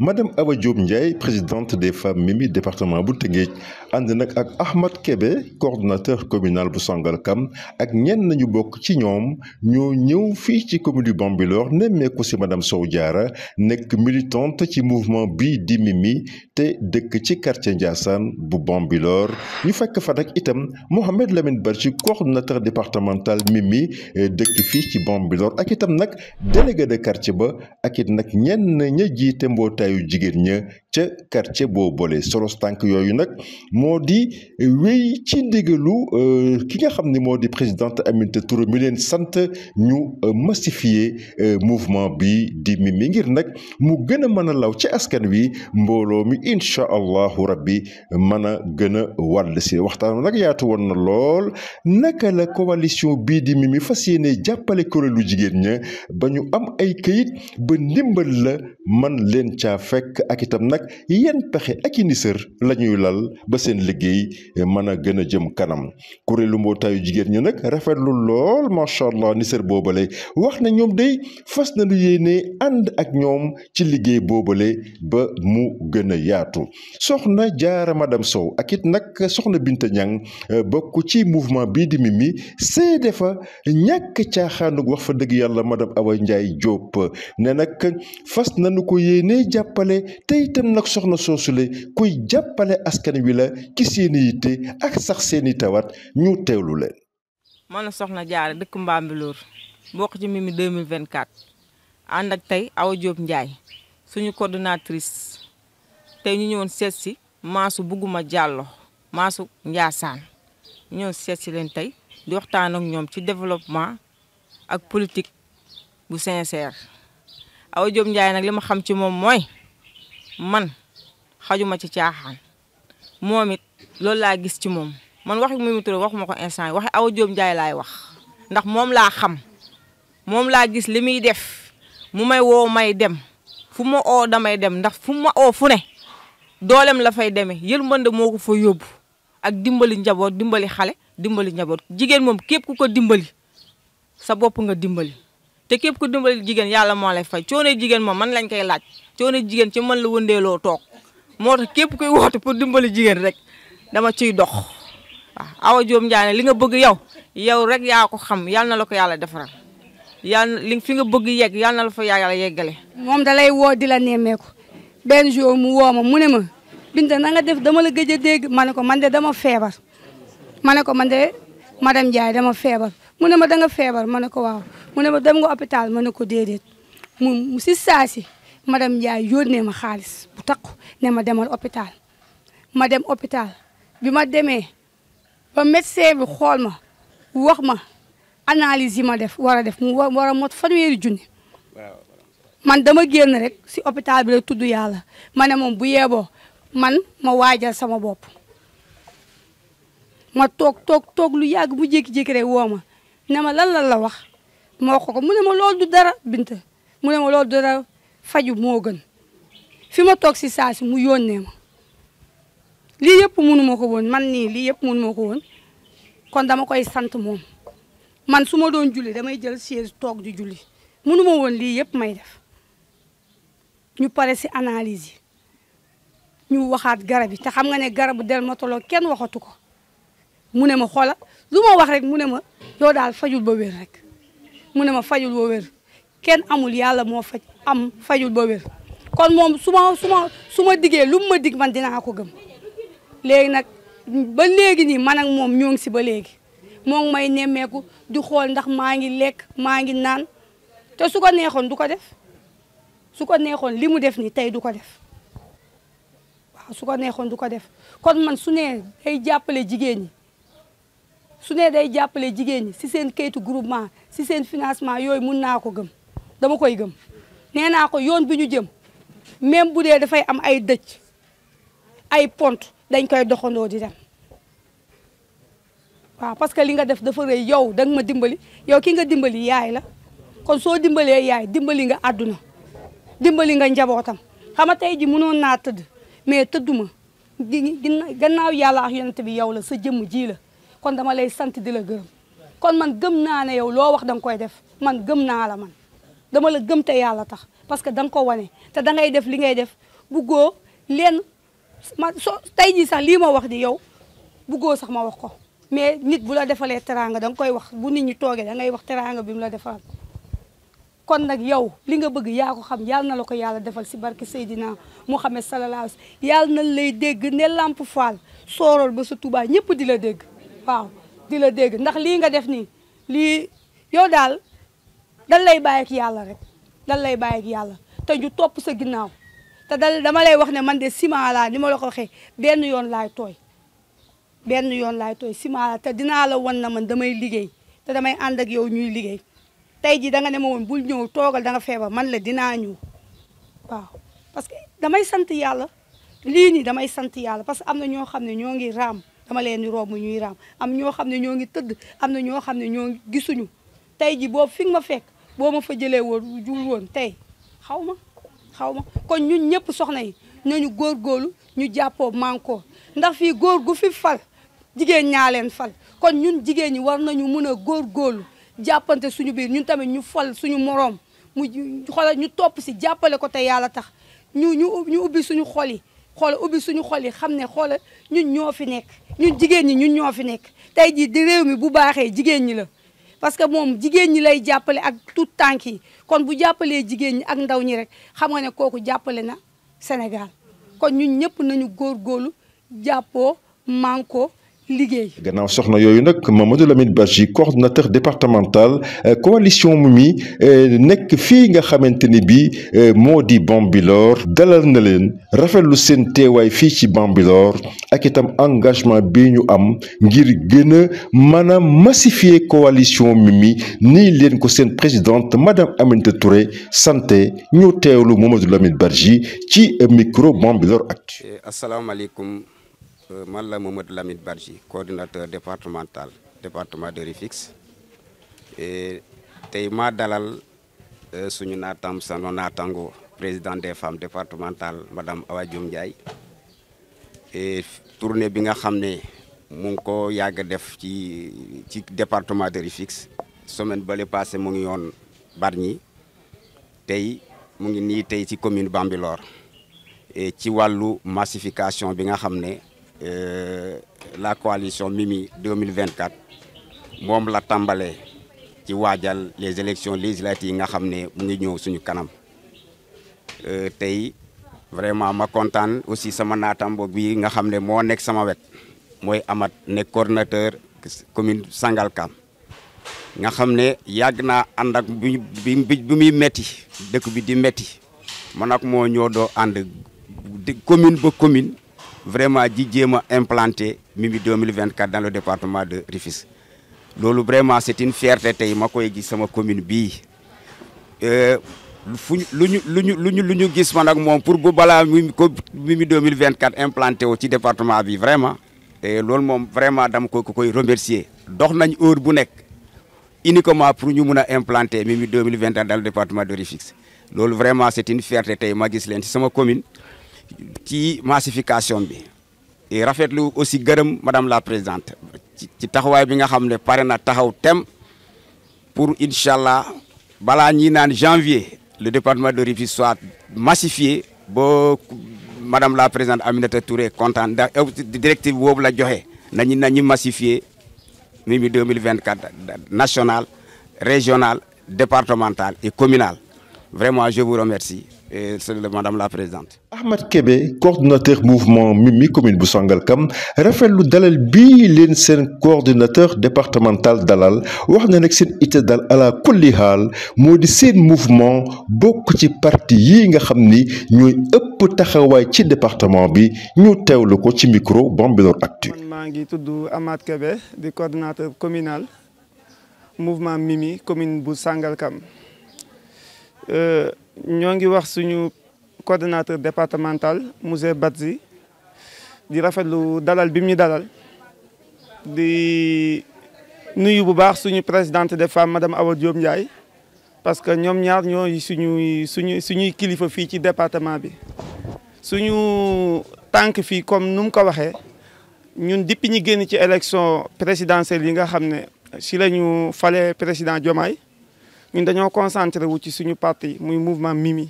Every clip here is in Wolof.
madame Awa Diop Ndiaye présidente des femmes Mimi département bu Tëngéej Ahmad Kebe, coordonnateur communal de Sangalkam ak ñenn nañu bokk ci ñoom ñoo fils de ci commune de Bambilor nous madame Sow Diarra militante du mouvement Bidi di Mimi te dëkk ci quartier Ndiassane bu Bambilor Nous fekk fa que Mohamed Lamine Barchi coordonnateur départemental Mimi la eh, fii de Bambilor ak itam le délégué de quartier ba ak it nag ñenn ña taxawaayu jigéen ña ca boo boole solos tànk yooyu nag moo di wéy ci ndigalu euh, ki nga xam ni moo di présidente Aminata Touré mi leen sant ñu euh, massifier euh, mouvement bi di mi ngir nag mu gën a mën a law ci askan wi mbooloo mi incha allahu rabbi mën a gën a wàll si waxtaan nag yaatu woon na lool naka la coalition bii di mi mi fas yéene jàppale kuréelu jigéen ña ba ñu am ay kayit ba ndimbal la man leen ca fekk ak itam nag nag yan pexe ak i nisër la ñuy lal ba seen liggéey mën a gën a jëm kanam kuréelu mbootaayu jigéen ñu nag rafetlu lool macha allah nisër boobale wax na ñoom day fas na lu yéene ànd ak ñoom ci liggéey boobale ba mu gën a yaatu soxna jaara madame Sow ak it nag soxna Binta Ñang euh, bokk ci mouvement bii di Mimi seede fa ñàkk caaxaanug wax fa dëgg yàlla madame Awa Ndiaye Diop ne nag fas nañu ko yéene jàppale te itam moom nag soxna soosule kuy jàppale askan wi la ci seen yitte ak sax seen i tawat ñu teewlu leen. man la soxna jaare dëkk Mbambilor bokk ci Mimi 2024 ànd ak tey Awa Diop njaay suñu coordinatrice tey ñu ñëwoon seet si maasu bugguma jàllo maasu Ndiassane ñëw seet si leen tey di waxtaan ak ñoom ci développement ak politique bu sincère Awa Diop Ndiaye nag li ma xam ci moom mooy. man xajuma ci caaxaan moom it loolu laa gis ci moom man waxi Mimi Touré waxuma ko instant yi waxi Awa Diop Ndiaye laay wax ndax moom laa xam moom laa gis li muy def mu may woo may dem fu ma oo damay dem ndax fu ma o fu ne doolem la fay demee yërmande moo ko fa yóbbu ak dimbali njaboot dimbali xale dimbali njaboot jigéen moom képp ku ko dimbali sa bopp nga dimbali te képp ku dimbali jigéen yàlla moo lay fay coono jigéen moom man lañ koy laaj coono jigéen ci man la wëndeeloo toog moo tax képp kuy woote pour dimbali jigéen rek dama ciy dox waaw Awa Diop Ndiané li nga bëgg yow yow rek yaa ko xam yàlla na la ko yàlla defaral yàlla li fi nga bëgg yegg yàlla na la fa yeggale. moom da lay woo di la nemmeeku benn jour mu woo ma mu ne ma Binta na nga def dama la gëj a dégg ma ne ko man de dama feebar ma ne ko man de Ndiaye dama feebar. mu ne ma danga feebar ma ne ko waaw mu ne ma dem nga hôpital ma ne ko déedéet mu si saa si madame Ndiaye yónnee ma xaalis bu takku ne ma demal hôpital ma dem hôpital bi ma demee ba médecin bi xool ma wax ma analyse yi ma def war a def war a mot fanweeri junni man dama génn rek si hôpital bi rek tudd yàlla ma ne moom bu yeeboo man ma waajal sama bopp ma toog toog toog lu yàgg mu jékki-jékki rek woo ma ne ma lan lan la wax moo ko ko mu ne ma lool du dara Binta mu ne ma loolu du dara faju moo gën fi ma toog si saa si mu yónnee ma lii yëpp mënu ma ko woon man nii lii yëpp mënu ma ko woon kon dama koy sant moom man su ma doon julli damay jël chaise toog di julli mënu ma woon lii yëpp may def ñu pare si analyse yi ñu waxaat garab yi te xam nga ne garabu toloo kenn waxatu ko mu ne ma xoola lu ma wax rek mu ne ma yow daal fajul ba wér rek mu ne ma fajul ba wér kenn amul yàlla moo faj am fajul ba wér kon moom su ma su ma diggee lum ma digg man dinaa ko gëm léegi nag ba léegi nii ma ak moom ñoo ngi si ba léegi moo may nemmeeku di xool ndax maa ngi lekk maa ngi naan te su ko neexoon du ko def su ko neexoon li mu def nii tey du ko def waaw su ko neexoon du ko def kon man su nee day jàppale jigéen ñi su ne day jàppale jigéen ñi si seen kayitu groupement si seen financement yooyu mun naa ko gëm dama koy gëm nee naa ko yoon bi ñu jëm même bu dee dafay am ay dëj ay pont dañ koy doxandoo di dem waa parce que li nga def dafa rëy yow danga ma dimbali yow ki nga dimbali yaay la kon soo dimbalee yaay dimbali nga àdduna dimbali nga njabootam xam nga tey ji mënoon naa tëdd mais tëdduma gannaaw yàlla ak yonent bi yow la sa jëmm jii la kon dama lay sant di la gërëm kon man gëm naa ne yow loo wax da nga koy def man gëm naa la man dama la gëm te yàlla tax parce que da nga ko wane te da def li ngay def buggoo leen ma so tey jii sax lii ma wax di yow buggoo sax ma wax ko mais nit bu la defalee teraanga da nga koy wax bu nit ñi toogee dangay wax teraanga bi mu la defal kon nag yow li nga bëgg yaa ko xam yàlla na la ko yàlla defal si barke Seydina Mouhamed sallallahu alayhi yàlla na lay dégg ne Lamp Fall soorool ba sa Touba ñëpp di la dégg waaw di la dégg ndax lii nga def nii lii yow daal dan lay bàyyi ak yàlla rek dan lay bàyyi yàlla te ju topp sa ginnaaw te dal dama lay wax ne man de ciment laa ni ma la ko waxee benn yoon laay tooy benn yoon laay tooy ciment laa te dinaa la wan na man damay liggéey te damay ànd ak yow ñuy liggéey tey jii da nga ne ma woon bul ñëw toogal da nga man la dinaa ñëw waaw parce que damay sant yàlla lii nii damay sant yàlla parce que am na ñoo xam ne ñoo ngi raam dama leen di romb ñuy raam am ñoo xam ne ñoo ngi tëdd am na ñoo xam ne ñoo gisuñu tey ji boo fi ma fekk boo ma fa jëlee woon jul woon tey xaw ma xaw ma kon ñun ñëpp soxna yi nañu góorgóorlu ñu jàppoo mànkoo ndax fii góor gu fi fal jigéen ñaa leen fal kon ñun jigéen ñi war nañu mën a góorgóorlu jàppante suñu biir ñun tamit ñu fal suñu moroom mu xoolal ñu topp si jàppale ko tey yàlla tax ñu ñu ñu ubbi suñu xol yi xool ubbi suñu xol yi xam ne xoolal ñun ñoo fi nekk ñun jigéen ñi ñun ñoo fi nekk tey jii di réew mi bu baaxee jigéen ñi la parce que moom jigéen ñi lay jàppale ak tout tànk yi kon bu jàppalee jigéen ñi ak ndaw ñi rek xam nga ne kooku jàppale na Sénégal kon ñun ñëpp nañu góorgóorlu jàppoo manko liggéey. gannaaw soxna yooyu nag Mamadou Lamine Badji départemental euh, coalition Mimi euh, nek fii nga xamante ni euh, Bambilor dalal na leen rafetlu seen teewaay fii ci Bambilor ak itam engagement bi ñu am ngir gën massifier coalition Mimi ni leen ko seen présidente madame Aminata Touré santé ñu teewlu Mamadou Lamine Badji ci micro Bambilor Actu. Euh, Malla Mohamed Lamid Lamine coordinateur départemental département de et tey maa dalal euh, suñu naataam président des femmes départementales madame Awadjoum Diaye. et tournée binga nga monko Yagadef, département de Rifix. semaine balé passé mu Barni. yoon Bargny tey commune Bambilor et ci massification binga nga Euh, la coalition Mimi 2024 moom la tàmbalee ci waajal les élections législatives yi nga xam ne mu ngi ñëw suñu kanam euh, tey vraiment ma kontaan aussi sama naatambo bi nga xam ne moo nekk sama wet mooy amat nekk coordonnateur commune Sangalkam nga xam ne yàgg naa ànd ak bi bi muy metti dëkk bi di metti man ak moo ñoo doo ànd commune ba commune vraiment di implanté Mimi 2024 dans le département de Rifis. Lolo vraiment c'est une fierté tay ma koy gis sama commune bi. Euh luñu ñu lu ñu lu gis man ak mom pour bu bala Mimi 2024 implanté au ci département bi vraiment et loolu mom vraiment dam ko koy remercier dox nañ heure bu nek uniquement pour ñu mëna a implanter Mimi 2024 dans le département de Rifis. Lolo vraiment c'est une fierté tay ma gis leen ci sama commune ci massification bi rafetlu aussi madame la présidente ci taxaway bi nga pour inch'allah janvier le département de soit massifié madame la présidente Aminata Touré contente euh, la directive la massifié 2024 national régional départemental et communal vraiment je vous remercie et celle de Madame la Présidente. Ahmed Kébé coordinateur mouvement Mimi commune bu Sangalkam rafetlu dalal Bi, l'ancien coordinateur départemental dalal wax na nag seen ite dal ala kulli xaal mouvement beaucoup ci parti yi nga nous ni ñooy ëpp taxawaay ci département bi ñu teewlu ko ci micro Bambilor Actu. Mangi ngi tudd Ahmed Kébé di coordinateur communal mouvement Mimi commune bu Sangalkam. Euh, ñoo ngi wax suñu coordonnateur départemental Mousse Badji di rafetlu dalal bi mu ñu dalal di nuyu bu baax suñu présidente des femmes madame Awa Diop Ndiaye parce que ñoom ñaar ñooy suñuy suñu suñuy kilifa fii ci département bi suñu tànk fii comme nu mu ko waxee ñun depuis ñu génn ci élection présidentielle yi nga xam ne si la ñu fale président Diomaye ñun dañoo concentré wu ci suñu parti muy mouvement Mimi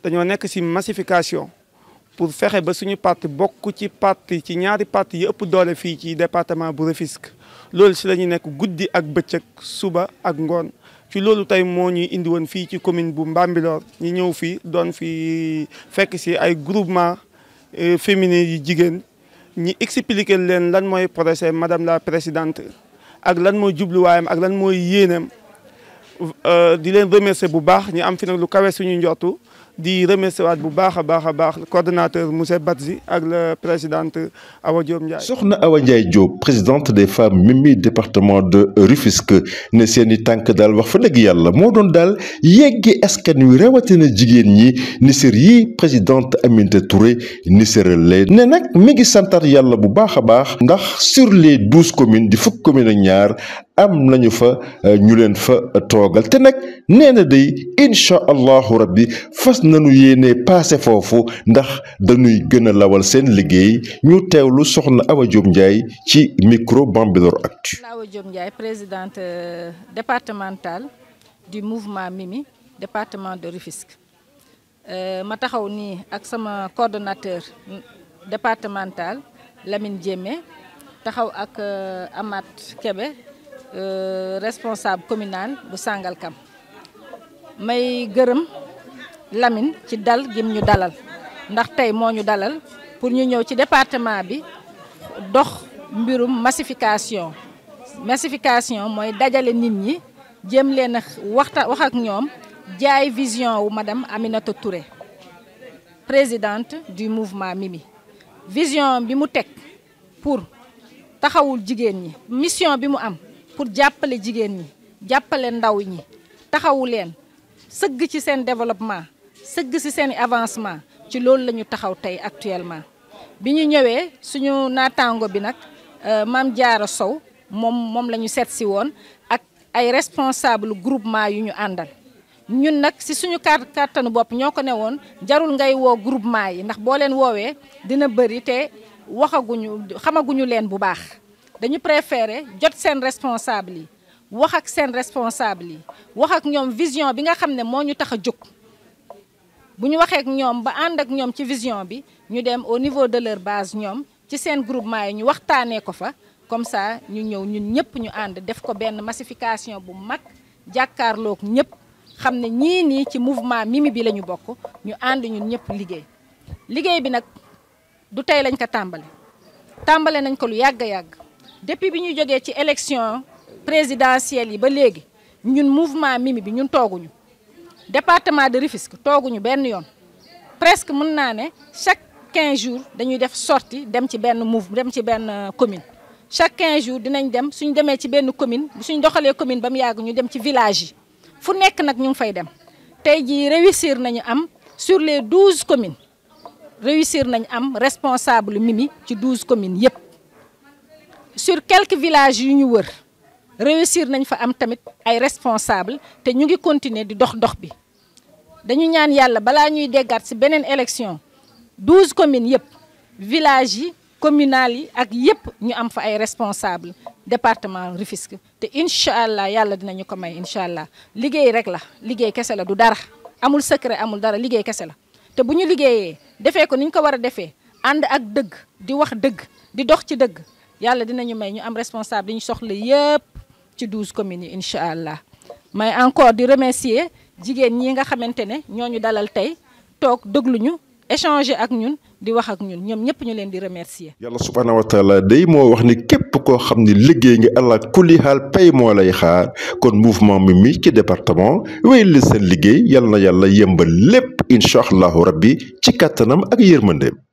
dañoo nekk si massification pour fexe ba suñu parti bokk ci parti ci ñaari parti yi doole fii ci département bu Rufisque loolu si la nekk guddi ak bëccëg suba ak ngoon ci loolu tey moo ñuy indi woon fii ci commune bu Mbambilor ñu ñëw fii doon fi fekk si ay groupement euh, féminin yi jigéen ñi expliquer leen lan mooy projet madame la présidente ak lan mooy jubluwaayam ak lan mooy yéeneem Euh, di leen remercier bu baax ñu am fi nag lu kawe suñu njortu di remercier waat bu baax baax coordonnateur monsieur Badji ak la présidente Awa Diop Ndiaye. soxna Awa Ndiaye Diop présidente des femmes Mimi département de Rufisque ne seeni tank dal wax fa yalla mo don dal daal yeggi askan wi rawatina jigen ñi ni sër yi présidente Aminata Touré ni sëral le ne nak mi ngi santaat yalla bu baax baax ndax sur les douze communes di fukk commune ak ñaar. am nañu fa euh, ñu leen fa euh, toogal te nag nee na day incha allahu rabbi fas nañu yéenee paase foofu ndax dañuy gëna a lawal seen liggéey ñu teew lu soxna Awa Diop Ndiaye ci micro Bambilor Actu. Awa Diop Ndiaye présidente euh, départementale du mouvement Mimi département de Rufisque ma taxaw nii ak sama coordonnateur départemental Lamine Diémé taxaw ak Amath Kébé. Euh, responsable communal bu Sangalkam may gërëm Lamine ci dal gim ñu dalal ndax tay moo ñu dalal pour ñu ñëw ci département bi dox mbirum massification massification moy dajale nit ñi jëm leen waxta wax ak ñom jaay vision wu madame Aminata Touré présidente du mouvement Mimi vision bi mu tek pour taxawul jigen ñi mission bi mu am pour jàppale jigéen ñi jàppale ndaw ñi taxawu leen sëgg ci seen développement sëgg ci seen avancement ci loolu la ñu taxaw tey actuellement bi ñu ñëwee suñu naataango bi nag euh, maam Jaara Sow moom moom la ñu seet si woon ak ay responsable groupement yu ñu àndal ñun nag si suñu kàttanu bopp ñoo ko ne woon jarul ngay woo groupement yi ndax boo leen woowee dina bëri te waxaguñu xamaguñu leen bu baax dañu préféré jot seen responsable yi wax ak seen responsable yi wax ak ñoom vision bi nga xam ne moo ñu tax a jóg bu ñu waxee ak ñoom ba ànd ak ñoom ci vision bi ñu dem au niveau de leur base ñoom ci seen groupement yi ñu waxtaanee ko fa comme ça ñu ñëw ñun ñëpp ñu ànd def ko benn massification bu mag jàkkaarlook ñëpp xam ne ñii nii ci mouvement Mimi bi la ñu bokk ñu ànd ñun ñëpp liggéey liggéey bi nag du tey lañ ko tàmbale tàmbale nañ ko lu yàgg yàgg depuis bi ñu jógee ci élection présidentielle yi ba léegi ñun mouvement Mimi bi ñun le département de Rufisque tooguñu benn yoon presque mën naa chaque 15 jours dañuy def sortie dem ci mouvement dem ci benn euh, commune. chaque 15 jours dinañ dem suñ demee ci benn commune suñ doxalee commune ba mu ñu dem ci village yi fu nekk nag ñu ngi fay dem tey jii réussir nañu am sur les 12 communes réussir nañu am responsable Mimi ci 12 communes yëpp. sur quelques villages yu ñu wër réussir nañ fa am tamit ay responsable te ñu ngi continuer di dox dox bi dañu ñaan yàlla balaa ñuy déggaat si beneen élection douze communes yëpp villages yi communales yi ak yëpp ñu am fa ay responsable département Rufisque te incha allah yàlla dinañu ko may incha allah liggéey rek la liggéey kese la du dara amul secret amul dara liggéey kese la te bu ñu liggéeyee defee ko ni ñu ko war a defee ànd ak dëgg di wax dëgg di dox ci dëgg yalla dinañu may ñu am responsable communes encore di remercier jigen ñi nga xamantene ñoo dalal échanger ak ñun di wax ak ñun ñu leen di remercier. yalla subhanahu wa taala day mo wax ni nga pay lay xaar kon mouvement mi ci département li y liggéey yalla na yalla lépp qui rabbi ci ak